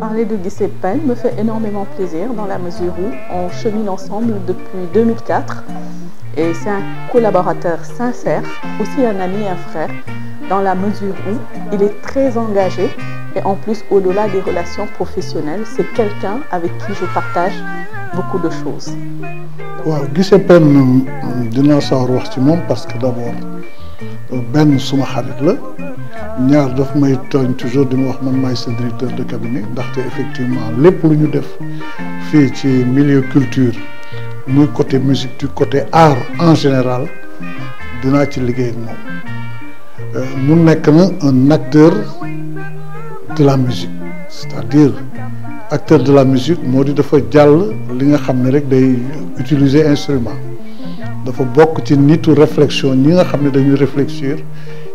Parler de Guy Pen me fait énormément plaisir dans la mesure où on chemine ensemble depuis 2004 et c'est un collaborateur sincère, aussi un ami et un frère, dans la mesure où il est très engagé et en plus au-delà des relations professionnelles, c'est quelqu'un avec qui je partage beaucoup de choses. Giuseppe Guy euh, parce que d'abord Ben suma xarit ñaar daf may tooñ toujours di ma wax man maay sa directeur de cabinet ndaxte effectivement lépp lu ñu def fii ci milieu culture muy côté musique du côté art en général dinaa ci liggéey ak moom euh, mu nekk na un acteur de la musique c'est-à-dire acteur de la musique moo di dafa jàll li nga xam ne rek day utiliser instrument dafa bokk ci nitu réflexion ñi nga xam ne dañuy réfléchir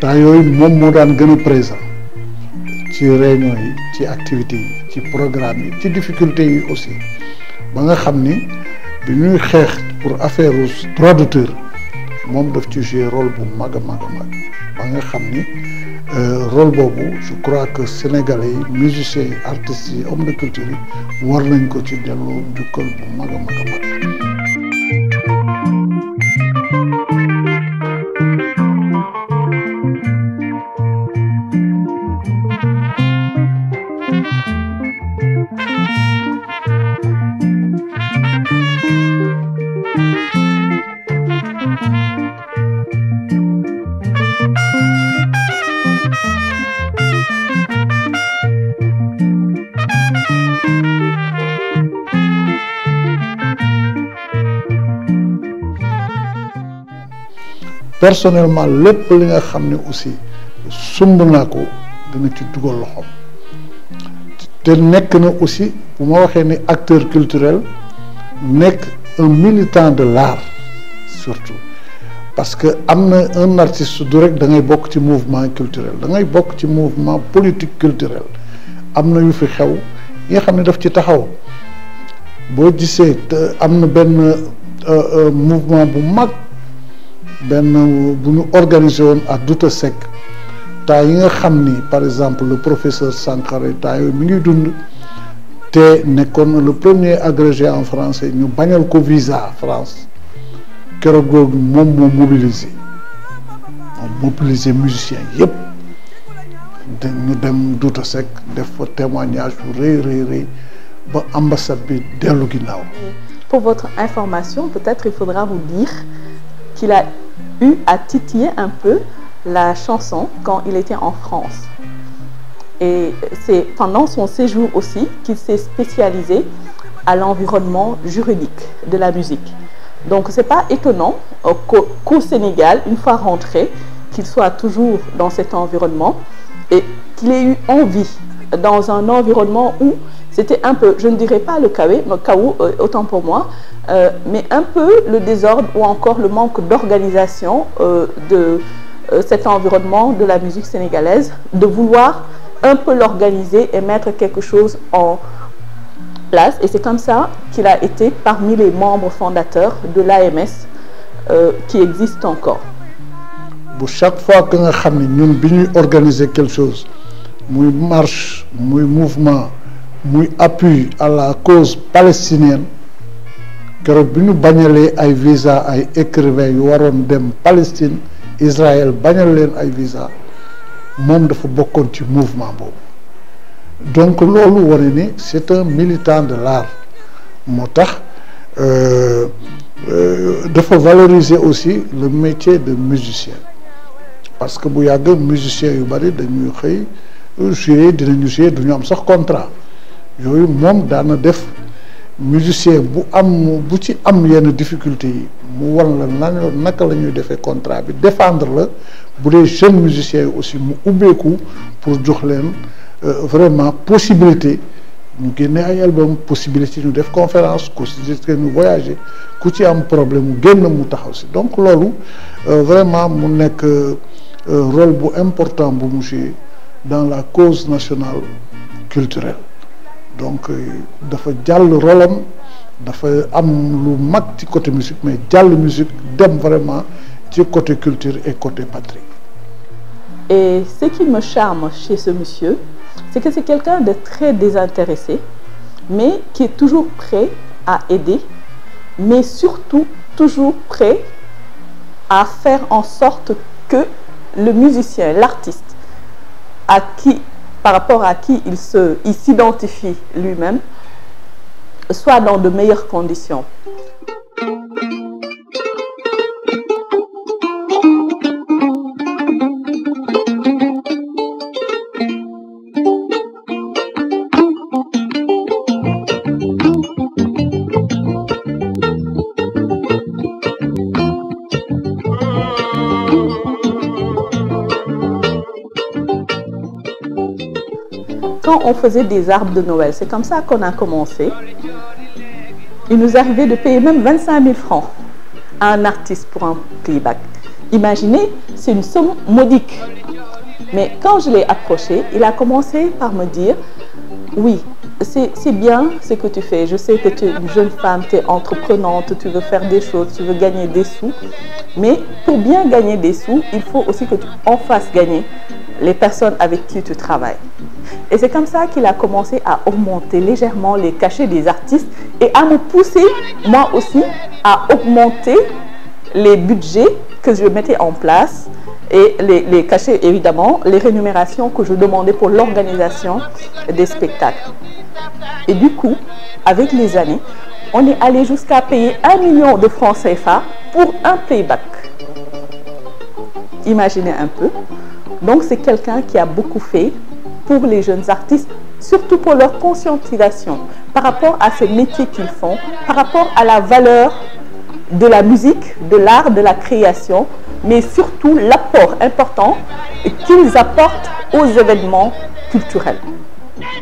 temps yooyu moom moo daan gën a présent ci réunion yi ci activités yi ci programme yi ci difficulté yi aussi ba nga xam ni bi ñuy xeex pour affaire droit d'auteur moom def ci jouer role bu mag a mag a mag ba nga xam ni euh, rôle boobu je crois que sénégalais yi musiciens yi artistes yi hommes de culture yi war nañ ko ci delloo njukkal bu mag a mag a mag personnellement lépp li nga xam ne aussi sumb naa ko dina ci dugal loxom te nekk na aussi bu ma waxee ni acteur culturel nekk un militant de l'art surtout parce que am un artiste du rek da ngay bokk ci mouvement culturel da ngay bokk ci mouvement politique culturel am na yu fi xew yi nga xam ne daf ci taxaw boo gisee am na benn euh, euh, mouvement bu mag ben bu ñu organisé woon sec. Douta nga xamni par exemple le professeur Sankaré temps mi ngi dund te le premier agrégé en français ñu bañal ko visa France kéro boobu moom moo mobiliser mobiliser mobilisé musicien yëpp ñu dem Douta sec def fa témoignage bu ré ré rëy ba ambassade bi dellu Pour votre information, peut-être il faudra vous dire qu'il a eu à titiller un peu la chanson quand il était en France. Et c'est pendant son séjour aussi qu'il s'est spécialisé à l'environnement juridique de la musique. Donc c'est pas étonnant qu'au Sénégal, une fois rentré, qu'il soit toujours dans cet environnement et qu'il ait eu envie dans un environnement où c'était un peu, je ne dirais pas le où, euh, autant pour moi, euh, mais un peu le désordre ou encore le manque d'organisation euh, de euh, cet environnement de la musique sénégalaise, de vouloir un peu l'organiser et mettre quelque chose en place. Et c'est comme ça qu'il a été parmi les membres fondateurs de l'AMS qui existe encore. chaque fois que nous avons organisé organiser quelque chose muy marche muy mouvement muy appui à la cause palestinienne keroog que ñu visa écrivain yu dem Palestine Israël bañal leen ay visa dafa ci mouvement donc lolu ni c'est un militant de l'art euh de euh, dafa valoriser aussi le métier de musicien parce que bu yag musicien yu bari dañuy xey jouer dinañu jouer am sax contrat musicien bu am bu ci am yenn difficulté yi mu wan la nan naka la contrat bi défendre la bu les jeunes musiciens aussi mu ubbeeku pour jox leen euh, vraiment possibilité ñu génne ay album possibilité ñu def conférence possibilité ñu voyager ku ci am problème mu génn mu taxaw ci donc lolu euh, vraiment mu nek euh, rôle bu important bu monsieur dans la cause nationale culturelle donc euh, dafa jàll rolam dafa am lu ci côté musique mais le musique dem vraiment ci côté culture et côté patrie. Et ce qui me charme chez ce monsieur, c'est que c'est quelqu'un de très désintéressé, mais qui est toujours prêt à aider, mais surtout toujours prêt à faire en sorte que le musicien, l'artiste, à qui par rapport à qui il s'identifie lui-même, soit dans de meilleures conditions. quand on faisait des arbres de Noël, c'est comme ça qu'on a commencé, il nous arrivait de payer même 25 000 francs à un artiste pour un playback. Imaginez, c'est une somme modique. Mais quand je l'ai approché, il a commencé par me dire, oui, c'est bien ce que tu fais. Je sais que tu es une jeune femme, tu es entreprenante, tu veux faire des choses, tu veux gagner des sous. Mais pour bien gagner des sous, il faut aussi que tu en fasses gagner les personnes avec qui tu travailles. Et c'est comme ça qu'il a commencé à augmenter légèrement les cachets des artistes et à me pousser, moi aussi, à augmenter les budgets que je mettais en place et les, cachets, évidemment, les rémunérations que je demandais pour l'organisation des spectacles. Et du coup, avec les années, on est allé jusqu'à payer un million de francs CFA pour un playback. Imaginez un peu. Donc c'est quelqu'un qui a beaucoup fait pour les jeunes artistes, surtout pour leur conscientisation par rapport à ce métier qu'ils font, par rapport à la valeur de la musique, de l'art, de la création, mais surtout l'apport important qu'ils apportent aux événements culturels.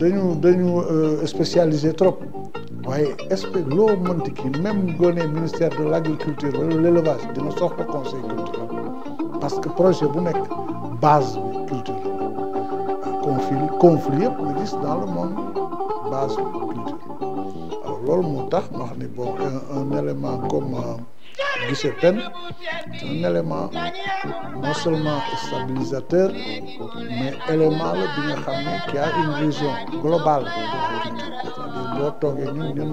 Nous sommes euh, spécialisé trop waaye espèce loo mënti même le ministère de l'agriculture de l'Élevage de élevage dina soxla conseil culturel parce que projet est nekk base culturelle. culture conflit conflit yëpp nga dans le monde base culture alors loolu moo tax un élément comme euh, c'est est un élément non seulement stabilisateur mais un élément qui a une vision globale Nous, à dire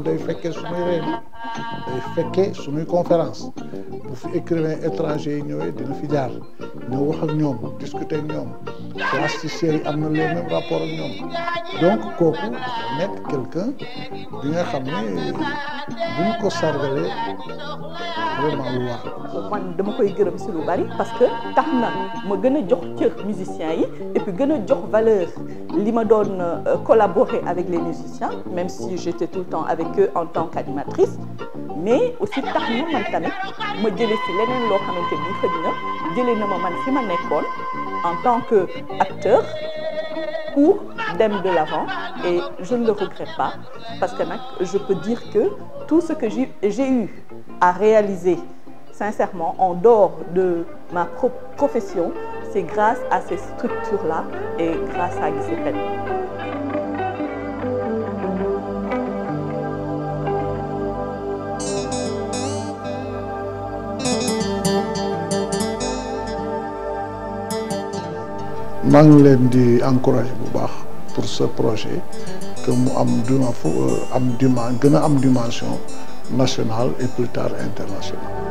boo toogee conférence pour écrire un étranger nous ñëwee discuter bénéficiaires yi am na le même rapport ak ñoom donc kooku dafa quelqu'un bi nga xam ne bu ñu ko sargalee vraiment lu wax man dama koy gërëm si lu bari parce que tax na ma gën a jox cër musiciens yi et puis gën a jox valeur li ma doon euh, collaborer avec les musiciens même si j'étais tout le temps avec eux en tant qu'animatrice mais aussi tax na man tamit ma jëlee si leneen loo xamante ni xëy na jëlee na ma man fi ma nekkoon en tant qu'acteur ou d'aime de l'avant et je ne le regrette pas parce que je peux dire que tout ce que j'ai eu à réaliser sincèrement en dehors de ma profession, c'est grâce à ces structures-là et grâce à Je vous encourager pour ce projet que nous avons une dimension nationale et plus tard internationale